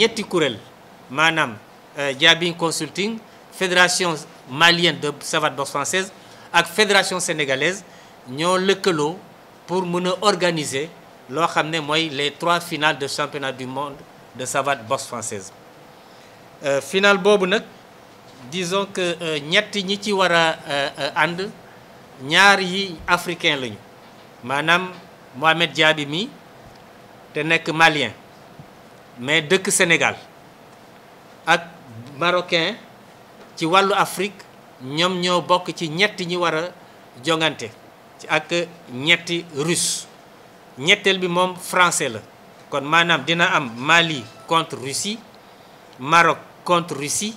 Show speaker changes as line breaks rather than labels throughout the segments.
ñetti madame manam euh, Consulting fédération malienne de savate boxe française ak fédération sénégalaise ñoo lekelo pour mën organiser lo xamné moy les trois finales de championnat du monde de savate boxe française euh, finale Bobunet, disons que euh, ñetti ñi ci wara africain lañu Mohamed Diaby mi te malien mais le Sénégal les marocain ci wàllu Afrique nous ñoo bokk ci ñetti jongante ci ak ñetti français la am Mali contre Russie Maroc contre Russie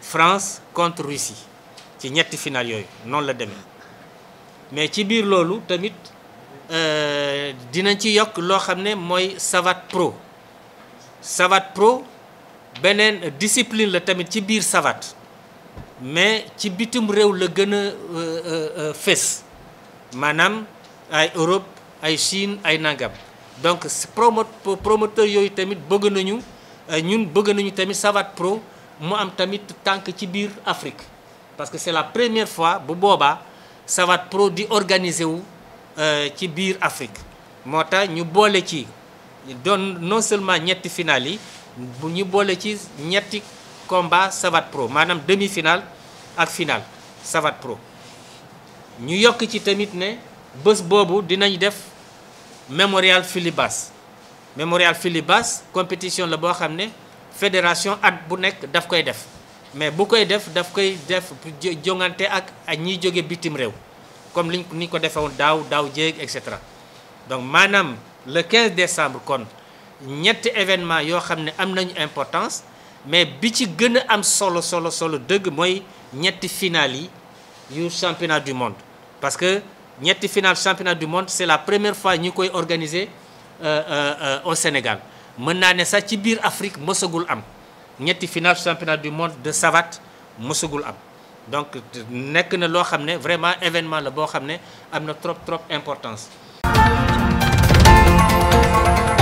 France contre Russie ci ñetti final le non la mais ci biir lolu tamit euh, dinañ ci yok pro savate pro benen discipline la tamit ci bir savate mais ci bitim réew la gën a euh, euh, euh, fés ay Europe ay Chine ay nangam donc promoteur promoteur yoy tamit bëgg nañu ñun bëgg nañu tamit savate pro mu am tamit tank ci bir Afrique parce que c'est la première fois bu boba savate pro di organiser wu ci bir Afrique moo ñu bolé ci. Don non seulement ñetti final yi bu ñu bolé ci ñetti combat savate pro Manam demi finale, ak final savate pro ñu York ci tamit né Bobu bobu dinañ def mémorial Philibas Memorial Philibas compétition la bo fédération at bu nek daf koy def mais bu koy def daf koy def jongante ak ñi ñiy bitim comme liñ ni ko défé daaw daw jéeg et donc manam le 15 décembre kon un événement yo xamné de am nañ importance mais bi ci gëna am solo solo solo deug moy finale yi yu championnat du monde parce que ñetti finale championnat du monde c'est la première fois ñu koy organiser euh, euh, euh, au Sénégal mën naa ne ci biir Afrique mësagul am ñetti finale championnat du monde de savate mësagul am donc nek na lo xamné vraiment événement la bo xamné amna trop trop importance Thank you.